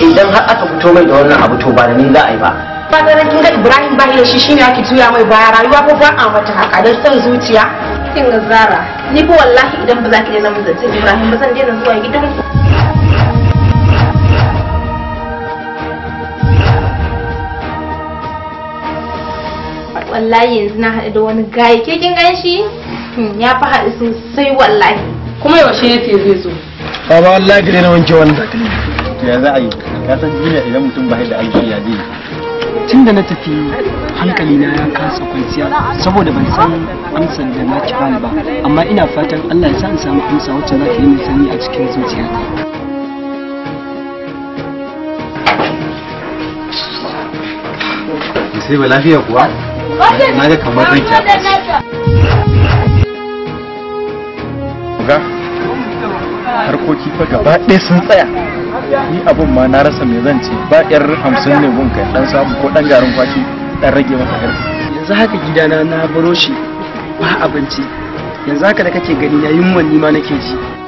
idan har aka fito mai da wannan abu to ba da ni za a yi ba da na ga ibrahim ba da shi shine ake tuya mai baya rayuwa ko ba a mata haka dan son zuciya kin ga zara ni ko wallahi idan ba za ki daina mun zance ibrahim ba san daina zuwa gidan wallahi yanzu na haɗu da wani gaye ke kin gan shi hmm, ya fi haɗu sosai wallahi kuma yaushe ya ce zai zo ba ba wallahi ka na wanke wannan ya za a yi ka san duniya idan mutum ba da aiki ya dai tun da na tafi hankali na ya kasa kwanciya saboda ban san amsar da na kira ba amma ina fatan Allah ya sa in samu amsa wacce za ta yi mai sani a cikin zuciya ta. sai ba lafiya kuwa na ga kamar ranki ga harkoki fa gaba ɗaya sun tsaya ni abun ma na rasa me zan ce ba yar hamsin ne gun kai dan samu ko dan garin kwaki dan rage maka karfi yanzu haka gidana na baro shi ba abinci yanzu haka da kake gani na yunwa ni ma nake ji